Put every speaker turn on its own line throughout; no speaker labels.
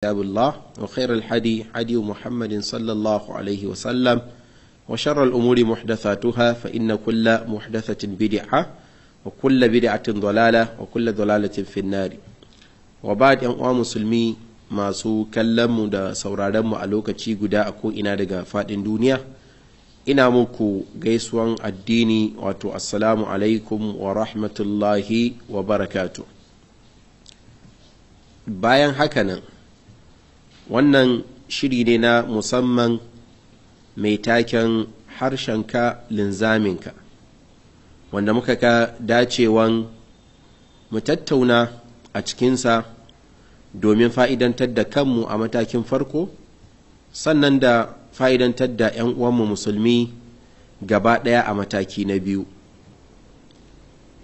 كتاب الله وخير الحدي حدي محمد صلى الله عليه وسلم وشر الأمور محدثاتها فإن كل محدثة بدعة وكل بدعة ضلالة وكل ضلالة في النار وبعد أن مسلمي masu kallonmu da sauraronmu a lokaci guda a ko'ina daga faɗin duniya ina muku gaisuwan addini wato assalamu alaikum wa rahmatullahi wa barakatu bayan haka nan wannan shiri ne na musamman mai taken harshen ka linzamin ka. wanda muka ka dacewan mu tattauna a cikinsa domin fa'idantar da kanmu a matakin farko sannan da fa'idantar da ‘yan uwanmu musulmi gaba ɗaya a mataki na biyu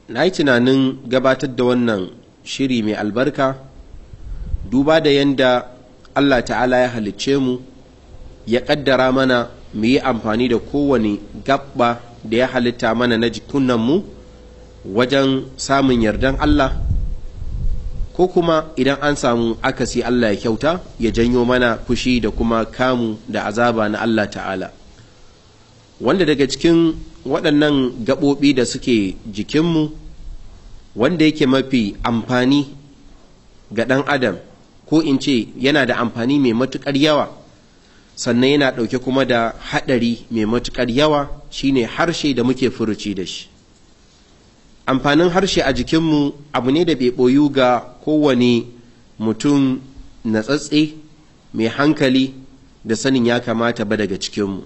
na yi tunanin gabatar da wannan shiri mai albarka duba da yadda Allah ta'ala ya halicce mu ya ƙaddara mana mu yi amfani da kowane gabba da ya halitta mana na mu wajen samun yardan Allah ko kuma idan an samu akasi Allah ya kyauta ya janyo mana fushi da kuma kamu da azaba na Allah ta'ala wanda daga cikin waɗannan gaɓoɓi da suke jikinmu wanda yake mafi amfani ga ɗan adam ko in ce yana da amfani mai matukar yawa sannan yana ɗauke kuma da haɗari mai matukar yawa shine harshe da muke furuci da shi amfanin harshe a jikinmu abu ne da bai ɓoyu ga kowane mutum natsatse mai hankali da sanin ya kamata ba daga cikinmu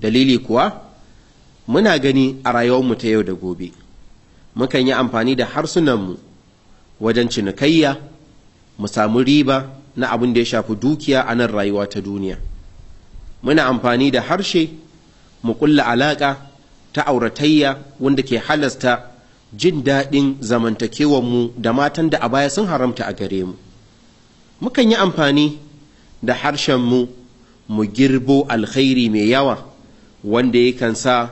dalili kuwa muna gani a rayuwarmu ta yau da gobe mukan yi amfani da harsunanmu wajen cinikayya mu samu riba na abin da ya shafi dukiya a nan rayuwa ta duniya muna amfani da harshe mu kulla alaƙa ta auratayya wanda ke halasta jin daɗin zamantakewanmu da matan da a baya sun haramta a gare mu mukan yi amfani da harshenmu mu girbo alkhairi mai yawa wanda yakan sa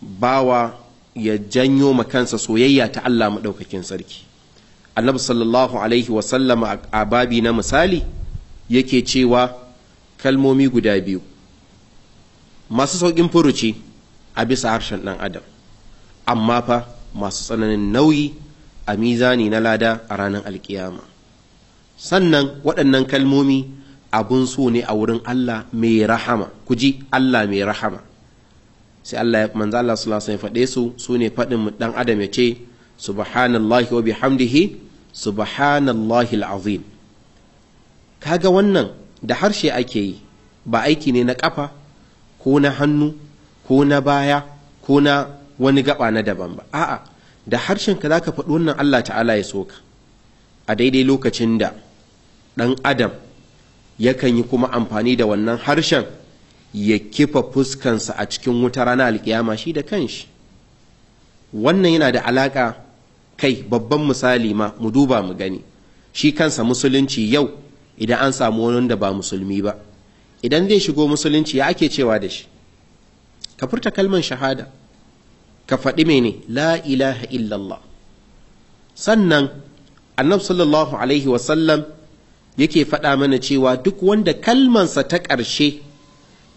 bawa ya janyo ma kansa soyayya ta Allah maɗaukakin sarki annabi sallallahu alaihi wasallama a babi na misali yake cewa kalmomi guda biyu masu saukin furuci a bisa harshen ɗan adam amma fa masu tsananin nauyi a mizani na lada a ranar alkiyama sannan waɗannan kalmomi abun so ne a wurin Allah mai rahama ku ji Allah mai rahama sai Allah ya manzo Allah sallallahu alaihi wasallam faɗe su su ne faɗin dan adam ya ce subhanallahi wa bihamdihi subhanallahi alazim kaga wannan da harshe ake yi ba aiki ne na kafa ko na hannu ko na baya ko na wani gaba na daban ba a'a da harshen ka zaka faɗi wannan Allah ta'ala ya soka a daidai lokacin da ɗan adam yakan yi kuma amfani da wannan harshen ya kifa fuskansa a cikin wuta rana alƙiyama shi da kanshi wannan yana da alaƙa kai babban misali ma mu duba mu gani shi kansa musulunci yau idan an samu wani da ba musulmi ba idan zai shigo musulunci ya ake cewa da shi ka furta kalman shahada ka faɗi mene la ilaha illallah sannan annabi sallallahu alaihi wasallam yake faɗa mana cewa duk wanda kalmansa ta ƙarshe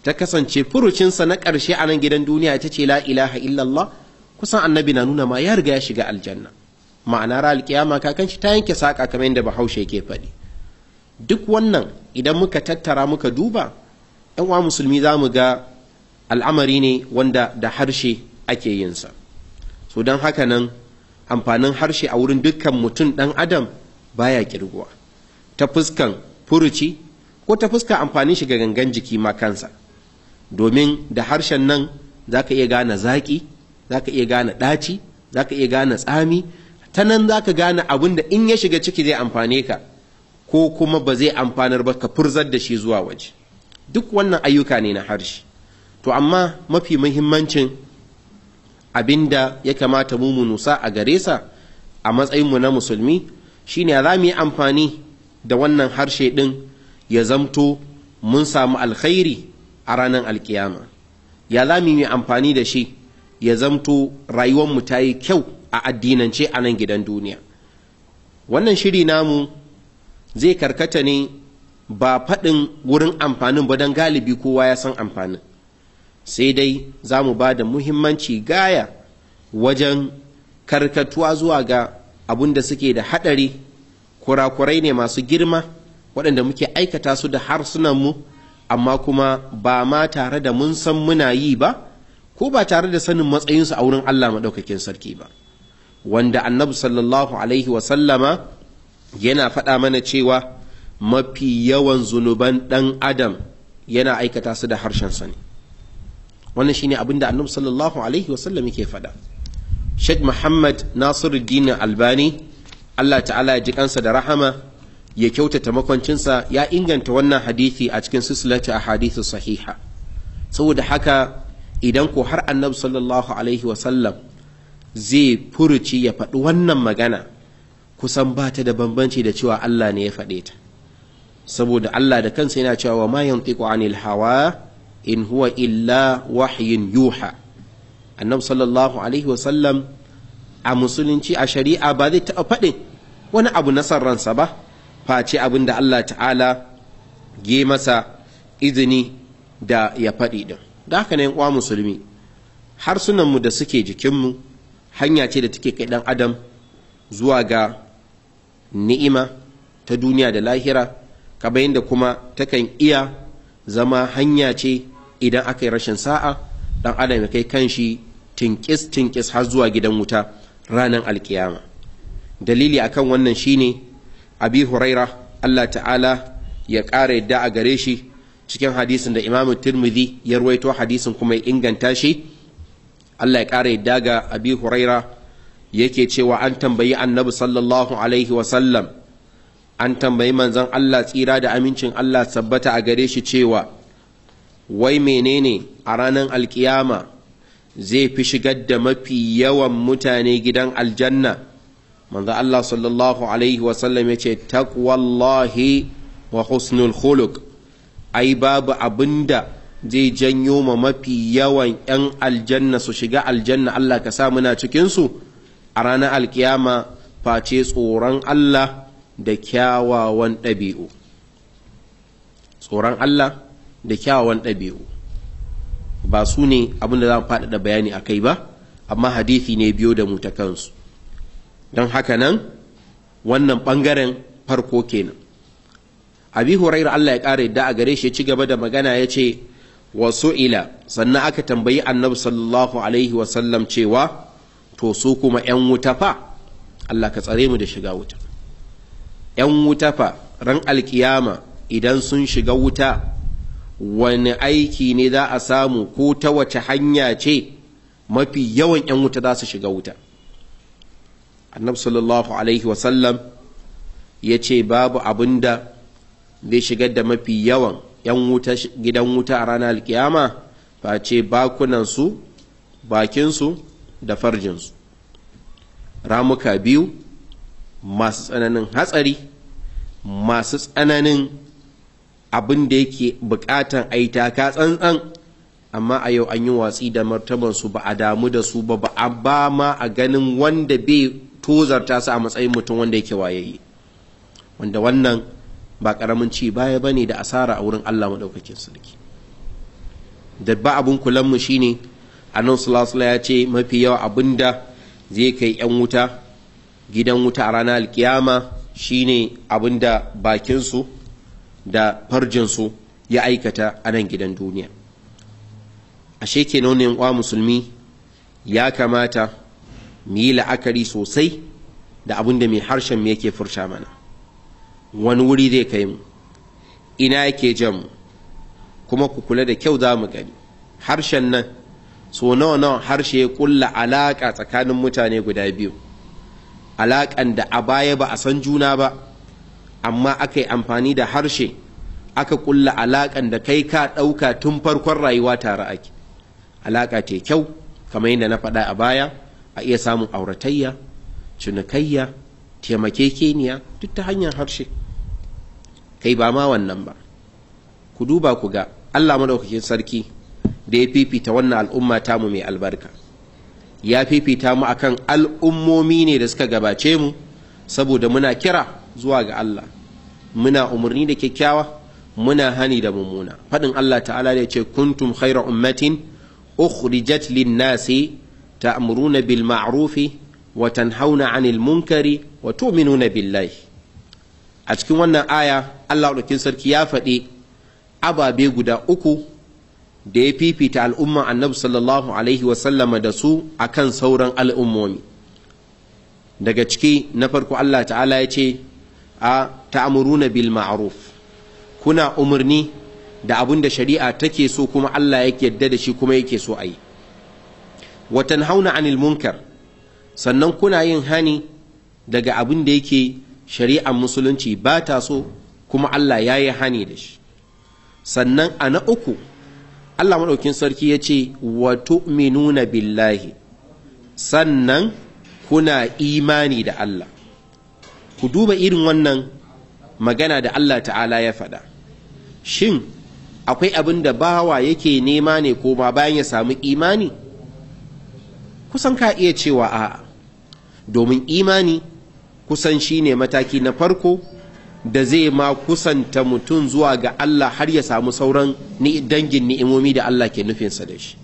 ta kasance furucinsa na ƙarshe a nan gidan duniya ita ce la ilaha illallah kusan annabi na nuna ma ya riga ya shiga aljanna ma'ana ra alkiyama kakan shi ta yanke saƙa kamar yadda bahaushe ke faɗi duk wannan idan muka tattara muka duba yan uwa musulmi za mu ga al'amari ne wanda da harshe ake yinsa so don haka nan amfanin harshe a wurin dukkan mutum ɗan adam baya kirguwa ta fuskan furuci ko ta fuska amfanin shi ga gangan jiki ma kansa domin da harshen nan za ka iya gane zaƙi za ka iya gane ɗaci za ka iya gane tsami ta nan za ka gane abin da in ya shiga ciki zai amfane ka ko kuma ba zai amfanar ba ka furzar da shi zuwa waje duk wannan ayyuka ne na harshe to amma mafi muhimmancin abin da ya kamata mu nusa a gare sa a matsayinmu na musulmi shine za mu yi amfani da wannan harshe ɗin ya zamto mun samu alkhairi a ranar alkiyama ya za mu yi amfani da shi ya zamto mu ta yi kyau a addinance a nan gidan duniya wannan shiri namu zai karkata ne ba faɗin wurin amfanin ba don galibi kowa ya san amfanin sai dai za mu ba da muhimmanci gaya wajen karkatuwa zuwa ga abun da suke da haɗari kurakurai ne masu girma waɗanda muke aikata su da harsunanmu amma kuma ba ma tare da mun san muna yi ba ko ba tare da sanin matsayinsu a wurin Allah maɗaukakin sarki ba wanda annabi sallallahu alaihi wasallama yana faɗa mana cewa mafi yawan zunuban ɗan adam yana aikata su da harshensa ne wannan shine abin da annabi sallallahu alaihi wasallam yake faɗa Sheikh Muhammad Nasiruddin Albani Allah ta'ala ya ji kansa da rahama ya kyautata makwancinsa ya inganta wannan hadisi a cikin silsilatu a hadisi sahiha saboda haka idan ko har annabi sallallahu alaihi wasallam zai furuci ya faɗi wannan magana kusan ba ta da bambanci da cewa Allah ne ya faɗe ta saboda Allah da kansa yana cewa wa ma yantiqu anil hawa in huwa illa wahyin yuha annabi sallallahu alaihi wasallam a musulunci a shari'a ba zai taɓa faɗin wani abu na san ransa ba face abin da Allah ta'ala ge masa izini da ya faɗi ɗin da haka ne kwa musulmi harsunanmu da suke jikinmu hanya ce da take kai dan adam zuwa ga ni'ima ta duniya da lahira kamar yadda kuma takan iya zama hanya ce idan aka yi rashin sa'a dan adam ya kai kanshi tinkis tinkis har zuwa gidan wuta ranar alkiyama dalili akan wannan shine abi huraira allah ta'ala ya ƙara yadda a gare shi cikin hadisin da imamu tirmidhi ya ruwaito hadisin kuma ya inganta shi Allah ya ƙara yadda ga abi huraira yake cewa an tambayi annabi sallallahu alaihi wasallam an tambayi manzon Allah tsira da amincin Allah sabbata a gare shi cewa wai menene a ranar alkiyama zai fi shigar da mafi yawan mutane gidan aljanna manzo Allah sallallahu alaihi wasallam ya ce taqwallahi wa husnul khuluq ai babu abinda zai janyo ma mafi yawan 'yan aljanna su shiga aljanna Allah ka sa muna cikinsu a ranar alkiyama face tsoron Allah da kyawawan ɗabi'u tsoron Allah da kyawawan ɗabi'u ba su ne abinda za mu faɗaɗa bayani a kai ba amma hadithi ne biyo da mu ta kansu don haka nan wannan ɓangaren farko kenan abi huraira Allah ya ƙara da a gare shi ya ci gaba da magana ya ce wa su'ila sannan aka tambayi annabi sallallahu alaihi wasallam cewa to su kuma 'yan wuta fa Allah ka tsare mu da shiga wuta 'yan wuta fa ran alkiyama idan sun shiga wuta wani aiki ne za a samu ko ta wace hanya ce mafi yawan 'yan wuta za su shiga wuta annabi sallallahu alaihi wasallam ya ce babu abin da zai shigar da mafi yawan yan wuta gidan wuta a ranar alkiyama face bakunansu bakinsu da farjinsu ramuka biyu masu tsananin hatsari masu tsananin abin da yake bukatan a yi taka tsantsan amma a yau an yi watsi da martabansu ba a damu da su ba ba a ba ma a ganin wanda bai tozarta su a matsayin mutum wanda yake wayayi wanda wannan ba ƙaramin ci baya bane da asara a wurin Allah madaukakin sarki da ba abun kulan mu shine annabi sallallahu alaihi ya ce mafi yawa abinda zai kai yan wuta gidan wuta a ranar alkiyama shine abinda bakin su da farjin su ya aikata a nan gidan duniya ashe kenan ne wa musulmi ya kamata mu yi la'akari sosai da abin da mai harshen mu yake furta mana wani wuri zai kai mu ina yake jan mu kuma ku kula da kyau za mu gani harshen nan so nawa nawa harshe ya kulla alaƙa tsakanin mutane guda biyu alaƙan da a baya ba a san juna ba amma aka yi amfani da harshe aka kulla alaƙan da kai ka ɗauka tun farkon rayuwa tare ake alaƙa ta kyau kamar yadda na faɗa a baya a iya samun auratayya cinikayya taimakekeniya duk ta hanyar harshe kai ba ma wannan ba ku duba ku ga allah madaukakin sarki da ya fifita wannan al'umma tamu mai albarka ya fifita mu akan al'ummomi ne da suka gabace mu saboda muna kira zuwa ga allah muna umarni da kyakkyawa muna hani da mummuna faɗin allah ta'ala da ya ce kuntum khaira ummatin ukhrijat lin nasi ta'muruna bil ma'rufi watanhauna tanhauna 'anil munkari wa tu'minuna billahi a cikin wannan aya Allah ɗaukin sarki ya faɗi ababe guda uku da ya fifita al'umma annabi sallallahu alaihi wasallama da su a kan sauran al'ummomi daga ciki na farko Allah ta'ala ya ce a ta'amuruna bil ma'ruf kuna umarni da abin da shari'a take so kuma Allah yake yadda da shi kuma yake so a yi watan hauna anil munkar sannan kuna yin hani daga abin da yake shari'ar musulunci ba ta so kuma Allah ya yi hani da shi sannan a na uku Allah maɗaukin sarki ya ce wa tu'minuna billahi sannan kuna imani da Allah ku duba irin wannan magana da Allah ta'ala ya faɗa shin akwai abin da bawa yake nema ne ko ma bayan ya samu imani kusan ka iya cewa a'a domin imani kusan shine mataki na farko da zai ma kusanta mutum zuwa ga Allah har ya samu sauran dangin ni'imomi da Allah ke nufinsa da shi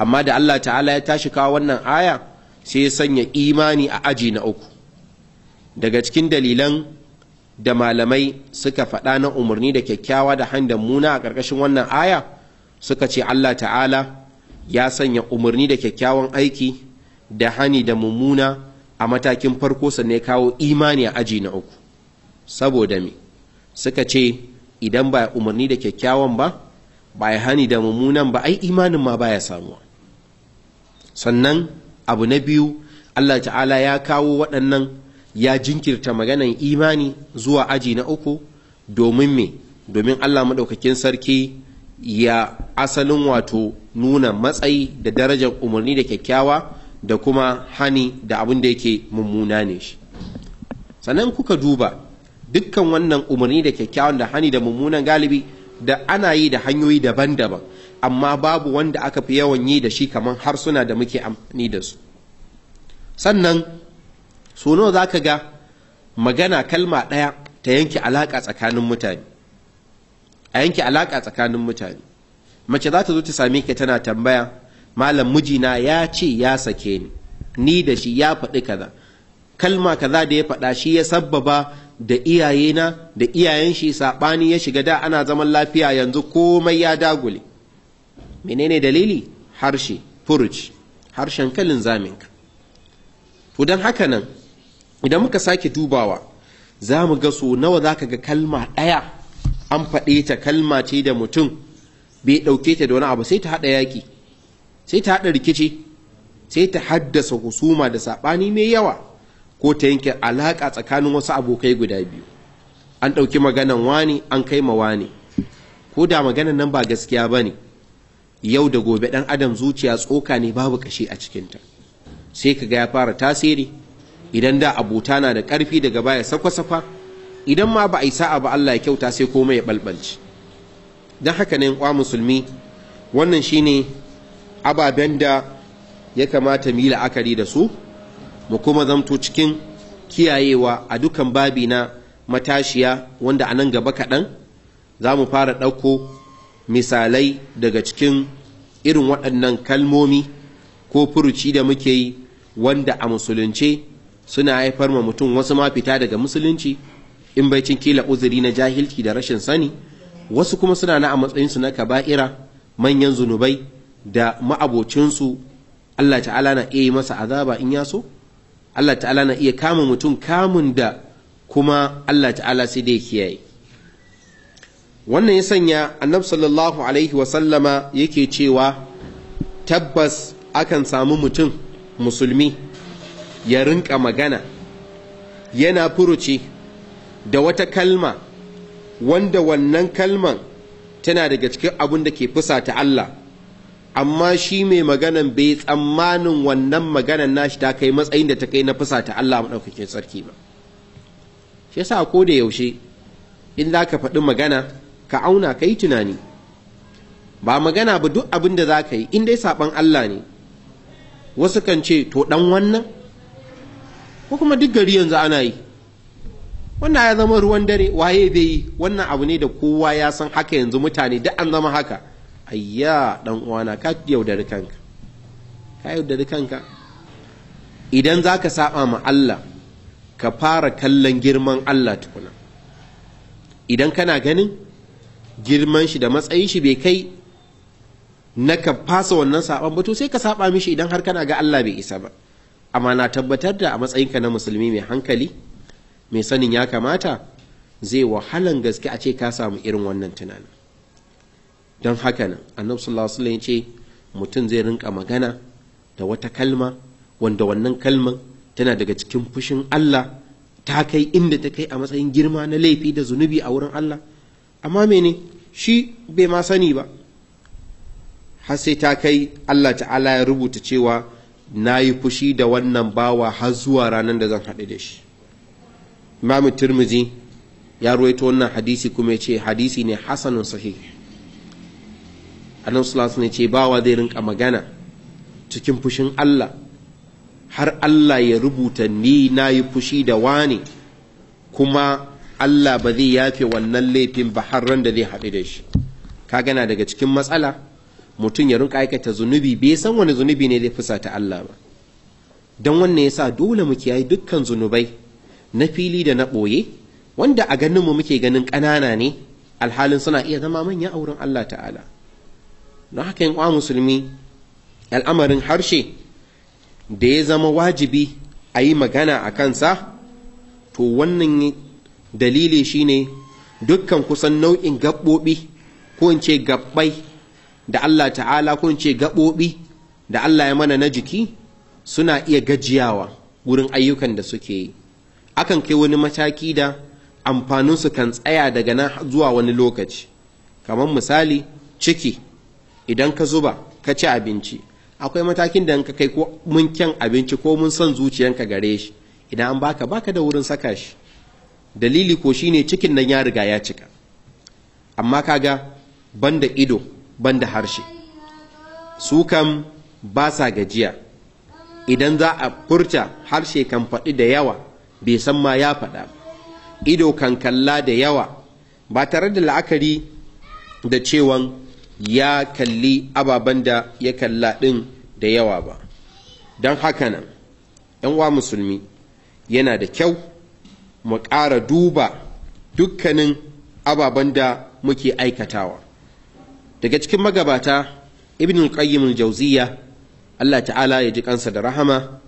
amma da Allah ta'ala ya tashi kawo wannan aya sai ya sanya imani a aji na uku daga cikin dalilan da malamai suka faɗa na umarni da kyakkyawa da handan muna a ƙarƙashin wannan aya suka ce Allah ta'ala ya sanya umarni da kyakkyawan aiki da hani da mummuna a matakin farko sannan ya kawo imani a aji na uku saboda me suka ce idan ba umarni da kyakkyawan ba ba ya hani da mummunan ba ai imanin ma baya samuwa sannan abu na biyu Allah ta'ala ya kawo waɗannan ya jinkirta maganan imani zuwa aji na uku domin me domin Allah maɗaukakin sarki ya asalin wato nuna matsayi da darajar umarni da kyakkyawa da kuma hani da abin da yake mummuna ne shi sannan kuka duba dukkan wannan umarni da kyakkyawan da hani da mummunan galibi da ana yi da hanyoyi daban-daban amma babu wanda aka fi yawan yi da shi kamar harsuna da muke amfani da su sannan suno za ka ga magana kalma ɗaya ta yanke alaƙa tsakanin mutane a yanke alaƙa tsakanin mutane mace za ta zo ta same ka tana tambaya malam mijina ya ce ya sake ni ni da shi ya faɗi kaza kalma kaza da ya faɗa shi ya sabbaba da iyayena da iyayen shi saɓani ya shiga da ana zaman lafiya yanzu komai ya dagule menene dalili harshe furuj harshen kalin zaminka to don haka nan idan muka sake dubawa za mu ga so nawa za ka ga kalma ɗaya an faɗe ta kalma ce da mutum bai ɗauke ta da wani abu sai ta haɗa yaƙi sai ta haɗa rikici sai ta haddasa husuma da saɓani mai yawa ko ta yanke alaƙa tsakanin wasu abokai guda biyu an ɗauki maganan wani an kai ma wani ko da maganan nan ba gaskiya ba ne yau da gobe ɗan adam zuciya tsoka ne babu ƙashi a cikinta sai ka ga ya fara tasiri idan da abota na da ƙarfi daga baya sakwa idan ma ba a yi sa'a ba Allah ya kyauta sai komai ya balbalci don haka ne kwa musulmi wannan shine ababen da ya kamata mila yi la'akari da su mu kuma zamto cikin kiyayewa a dukan babi na matashiya wanda a nan gaba kaɗan za mu fara ɗauko misalai daga cikin irin waɗannan kalmomi ko furuci da muke yi wanda a musulunce suna haifar ma mutum wasu ma fita daga musulunci in bai cin kila uzuri na jahilci da rashin sani wasu kuma suna na a matsayinsu na kaba'ira manyan zunubai da ma'abocinsu Allah ta'ala na iya yi masa azaba in ya so Allah ta'ala na iya kama mutum kamun da kuma Allah ta'ala sai dai kiyaye wannan ya sanya annabi sallallahu alaihi wasallama yake cewa tabbas akan samu mutum musulmi ya rinka magana yana furuci da wata kalma wanda wannan kalman tana daga cikin abin da ke fusata Allah amma shi mai maganan bai tsammanin wannan maganan nashi ta kai matsayin da ta kai na fusa ta Allah maɗaukakin sarki ba shi yasa ko da yaushe in za ka faɗi magana ka auna ka yi tunani ba magana ba duk abin da za ka yi in dai saɓan Allah ne wasu kan ce to ɗan wannan ko kuma duk gari yanzu ana yi wannan ya zama ruwan dare waye bai yi wannan abu ne da kowa ya san haka yanzu mutane duk an zama haka ayya dan uwana ka yaudari kanka ka yaudari kanka idan za ka saba ma Allah ka fara kallon girman Allah tukuna idan kana ganin girman shi da matsayin shi bai kai na ka fasa wannan saban ba to sai ka saba mishi idan har kana ga Allah bai isa ba amma na tabbatar da a matsayinka na musulmi mai hankali mai sanin ya kamata zai wahalan gaske a ce ka samu irin wannan tunanin don haka nan annabi sallallahu alaihi ya ce mutum zai rinka magana da wata kalma wanda wannan kalman tana daga cikin fushin Allah ta kai inda ta kai a matsayin girma na laifi da zunubi a wurin Allah amma mene shi bai ma sani ba har sai ta kai Allah ta'ala ya rubuta cewa na yi fushi da wannan bawa har zuwa ranar da zan haɗu da shi imamu turmizi ya ruwaito wannan hadisi kuma ya ce hadisi ne hasanun sahih annabi sallallahu alaihi ce bawa zai rinka magana cikin fushin Allah har Allah ya rubuta ni nayi fushi da wani kuma Allah ba zai yafe wannan laifin ba har ran da zai haɗu da shi ka gana daga cikin matsala mutum ya rinka aikata zunubi bai san wani zunubi ne zai fusata Allah ba don wannan yasa dole mu kiyaye dukkan zunubai na fili da na ɓoye wanda a ganin mu muke ganin ƙanana ne alhalin suna iya zama manya a wurin Allah ta'ala na haka yin musulmi al'amarin harshe da ya zama wajibi a yi magana a kansa to wannan dalili shine dukkan kusan nau'in gaɓoɓi ko in ce gaɓɓai da Allah ta'ala ko in ce gaɓoɓi da Allah ya mana na jiki suna iya gajiyawa wurin ayyukan da suke yi akan kai wani mataki da amfaninsu kan tsaya daga nan zuwa wani lokaci kamar misali ciki idan ka zuba ka ci abinci akwai matakin da ka kai ko mun kyan abinci ko mun son zuciyanka gare shi idan an baka baka da wurin saka shi dalili ko shine cikin nan ya riga ya cika amma kaga banda ido banda harshe su kam ba sa gajiya idan za a furta harshe kan faɗi da yawa bai san ma ya faɗa ido kan kalla da yawa ba tare da la'akari da cewan ya kalli ababen da ya kalla ɗin da yawa ba don haka nan 'yan uwa musulmi yana da kyau mu ƙara duba dukkanin ababen da muke aikatawa daga cikin magabata ibn al-qayyim Allah ta'ala ya ji kansa da rahama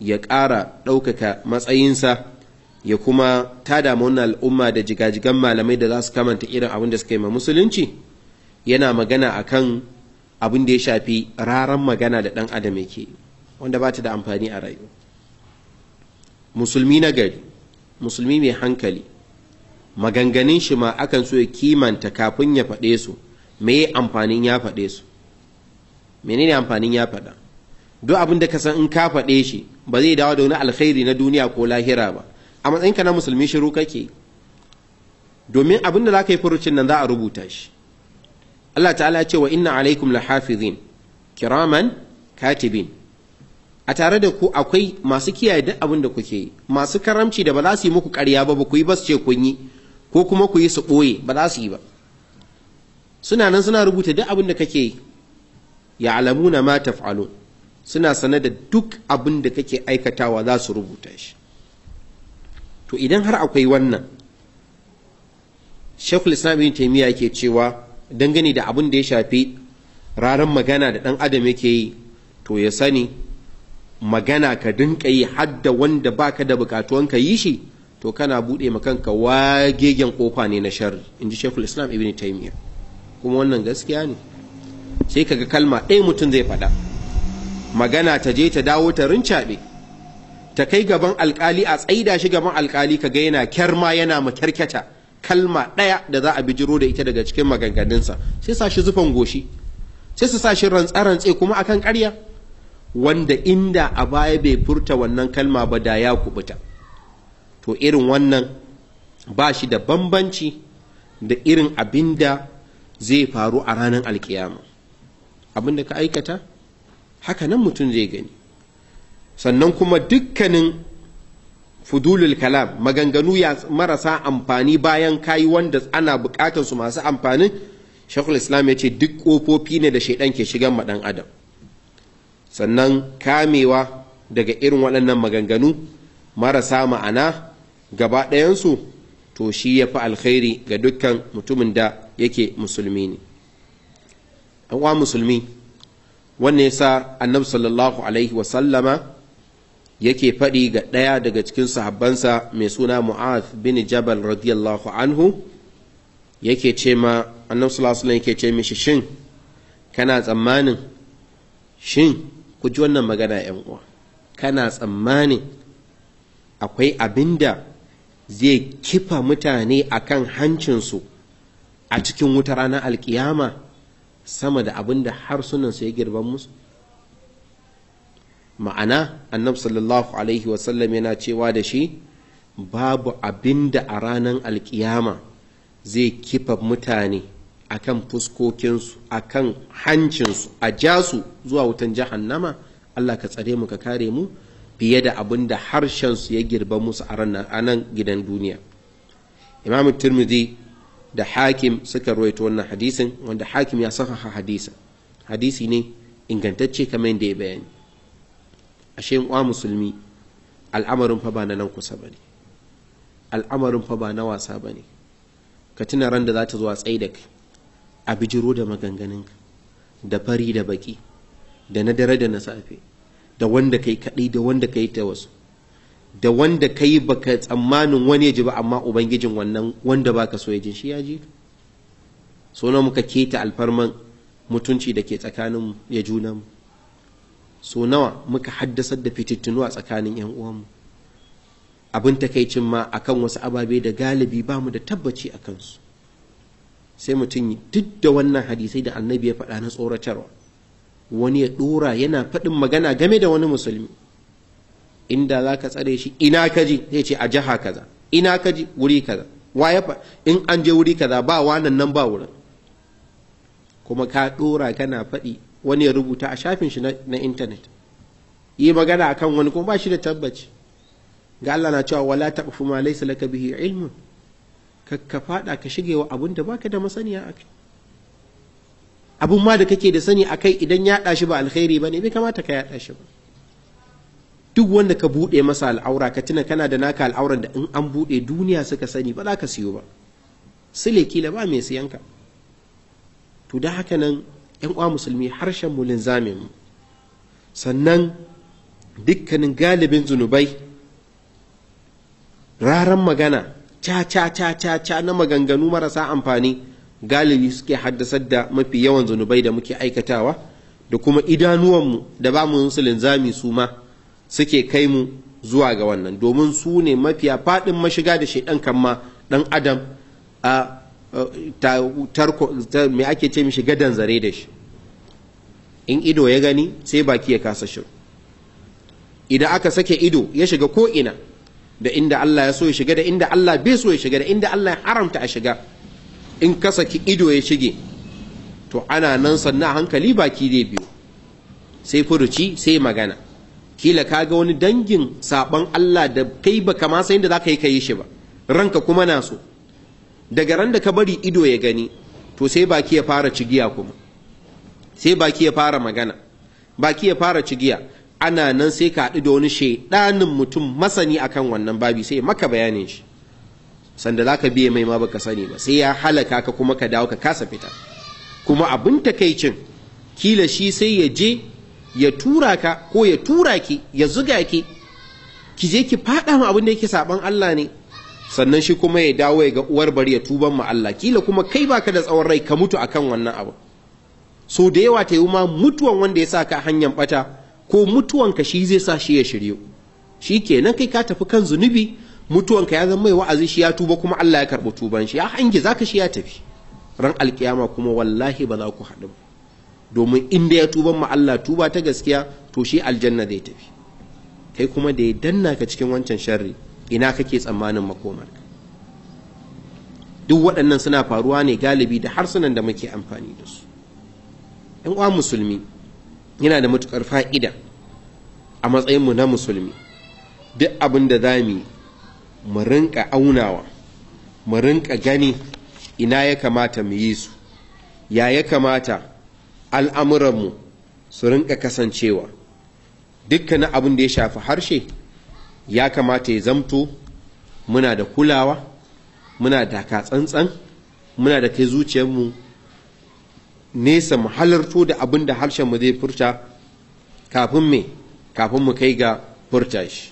ya ƙara ɗaukaka matsayinsa ya kuma tada wannan al'umma da jigajigan malamai da za su kamanta irin abin da suka yi ma musulunci yana magana akan abin da ya shafi raran magana da ɗan adam yake wanda ba ta da amfani a rayuwa musulmi na gari musulmi mai hankali maganganun shi ma akan so ya kimanta kafin ya faɗe su me amfanin ya faɗe su menene amfanin ya faɗa duk abin da ka san in ka faɗe shi ba zai dawo da wani alkhairi na duniya ko lahira ba a matsayinka na musulmi shiru kake domin abin da za ka yi furucin nan za a rubuta shi Allah ta'ala ce wa inna alaikum lahafizin kiraman katibin a tare da ku akwai masu kiyaye duk abin da kuke yi masu karamci da ba za su yi muku karya ba ba ku yi ba ce kun yi ko kuma ku yi su ɓoye ba za su yi ba suna nan suna rubuta duk abin da kake yi ya alamuna ma taf'alu suna sanar da duk abin da kake aikatawa za su rubuta shi to idan har akwai wannan shekul islam ibn taymiya yake cewa dangane da abin da ya shafi ranar magana da ɗan adam yake yi to ya sani magana ka dinka yi hadda wanda baka da bukatuwan ka yi shi to kana buɗe ma ka wagegen kofa ne na shar inji shekul islam ibn taymiya kuma wannan gaskiya ne sai kaga kalma ɗaya mutum zai faɗa magana ta je ta dawo ta rincaɓe ta kai gaban alkali a tsaida shi gaban alkali kaga yana ma yana makyarkyata kalma ɗaya da za a bijiro da ita daga cikin maganganunsa sai sa shi zufan goshi sai su sa shi rantse-rantse kuma akan ƙarya wanda inda a baya bai furta wannan kalma ba da ya kubuta to irin wannan ba shi da bambanci da irin abin da zai faru a ranar alkiyama abin da ka aikata haka nan mutum zai gani sannan kuma dukkanin fudulul kalam maganganu ya marasa amfani bayan kayi wanda ana bukatar su masu amfanin shekul islam ya ce duk kofofi ne da shaidan ke shigan maɗan adam sannan kamewa daga irin waɗannan maganganu marasa ma'ana gaba ɗayansu to shi ya fi alkhairi ga dukkan mutumin da yake musulmi ne an musulmi wannan sa annabi sallallahu alaihi wasallama yake faɗi ga ɗaya daga cikin sahabbansa mai suna mu'az bin jabal radiyallahu anhu yake ce ma annabi sallallahu alaihi yake ce mishi shin kana tsammanin shin ku ji wannan magana yan uwa kana tsammanin akwai abinda zai kifa mutane akan hancinsu a cikin wuta ranar alkiyama sama da abinda harsunansu ya girban musu ma'ana annabi sallallahu alaihi wasallam yana cewa da shi babu abinda a ranan alkiyama zai kifa mutane akan fuskokinsu akan hancinsu a jasu zuwa wutan jahannama Allah ka tsare mu ka kare mu fiye da abin da harshensu ya girba musu a ranar gidan duniya imam turmidi da hakim suka ruwaito wannan hadisin wanda hakim ya saka hadisin hadisi ne ingantacce kamar yadda ya bayani ashe in uwa musulmi al'amarin fa ba na nan kusa bane al'amarin fa ba na wasa bane ka tuna ran da za ta zo a tsaye da kai a bijiro da maganganunka da fari da baki da na dare da na safe da wanda kai kaɗai da wanda kai ta wasu da wanda kai baka tsammanin wani ya ji ba amma ubangijin wannan wanda baka so ya ji shi ya ji so muka keta alfarman mutunci da ke tsakanin ya junanmu so nawa muka haddasar da fitittunu a tsakanin 'yan uwanmu abin takaicin ma akan wasu ababe da galibi ba mu da tabbaci a kansu sai mutum yi duk da wannan hadisai da annabi ya faɗa na tsoratarwa wani ya ɗora yana faɗin magana game da wani musulmi inda za ka tsare shi ina kaji zai ce a jiha kaza ina kaji wuri kaza in an je wuri kaza ba wannan nan ba wurin kuma ka ɗora kana faɗi wani ya rubuta a shafin shi na intanet yi magana akan wani kuma ba shi da tabbaci ga Allah na cewa wala taqfu ma laysa laka bihi ilmun ka fada ka shige wa abun da baka da masaniya kai abun ma da kake da sani akai idan ya dashi ba alkhairi bane bai kamata ka yada shi duk wanda ka buɗe masa al'aura ka tuna kana da naka al'auran da in an buɗe duniya suka sani ba za ka siyo ba sile kila ba mai siyanka to da haka nan yan uwa musulmi harshen mu linzamin mu sannan dukkanin galibin zunubai raran magana cha cha cha cha na maganganu marasa amfani galibi suke haddasar da mafi yawan zunubai da muke aikatawa da kuma idanuwanmu da ba mu su linzami su ma suke kai mu zuwa ga wannan domin su ne mafiya faɗin mashiga da shaidan kan ma ɗan adam a tarko me ake ce mishi gadan zare da shi in ido ya gani sai baki ya kasa shiru idan aka sake ido ya shiga ko ina da inda Allah ya so ya shiga da inda Allah bai so ya shiga da inda Allah ya haramta a shiga in ka saki ido ya shige to ana nan sannan hankali baki dai biyu sai furuci sai magana kila ka ga wani dangin saban Allah da kai baka ma san inda ka yi ka yi shi ba ranka kuma na so daga ran da ka bari ido ya gani to sai baki ya fara cigiya kuma sai baki ya fara magana baki ya fara cigiya ana nan sai ka haɗu da wani shaidanin mutum masani akan wannan babi sai maka bayanin shi sanda za ka biye mai ma baka sani ba sai ya halaka ka kuma ka dawo ka kasa fita kuma abin takaicin kila shi sai ya je ya tura ka ko ya tura ki ya zuga ki ki je ki faɗa ma abin da yake saban Allah ne sannan shi kuma ya dawo ya ga uwar bari ya tuban ma Allah kila kuma kai baka da tsawon rai ka mutu akan wannan abu so da yawa ta yi ma mutuwan wanda ya sa ka hanyar bata ko mutuwan ka shi zai sa shi ya shiryu shi kenan kai ka tafi kan zunubi mutuwan ka ya zama mai wa'azi shi ya tuba kuma Allah ya karɓi tuban shi ya hangi zaka shi ya tafi ran alkiyama kuma wallahi ba za ku haɗu ba domin inda ya tuban ma Allah tuba ta gaskiya to shi aljanna zai tafi kai kuma da ya danna ka cikin wancan sharri ina kake tsammanin makomar duk waɗannan suna faruwa ne galibi da harsunan da muke amfani da su ‘yan uwa musulmi yana da matuƙar fa'ida a matsayinmu na musulmi duk abin da za mu mu rinka aunawa mu rinka gani ina ya kamata mu yi su ya ya kamata al'amuranmu su rinƙa kasancewa dukkanin abin da ya shafi harshe ya kamata ya zamto muna da kulawa muna da tsantsan muna da kai zuciyarmu nesa mu halarto da abin da harshenmu zai furta kafin me kafin mu kai ga furta shi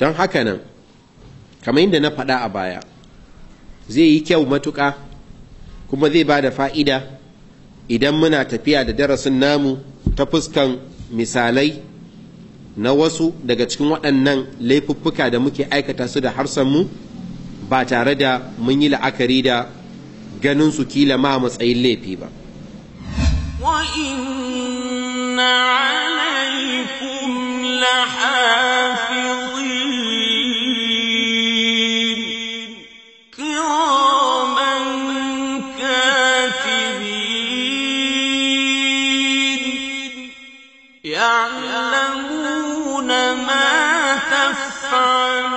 don haka nan kamar yadda na faɗa a baya zai yi kyau matuƙa kuma zai ba da fa'ida idan muna tafiya da darasin namu ta fuskan misalai na wasu daga cikin waɗannan laifuffuka da muke aikata su da harsanmu ba tare da mun yi la'akari da ganin su kila ma matsayin laifi ba. وإن عليكم لحافظ فعل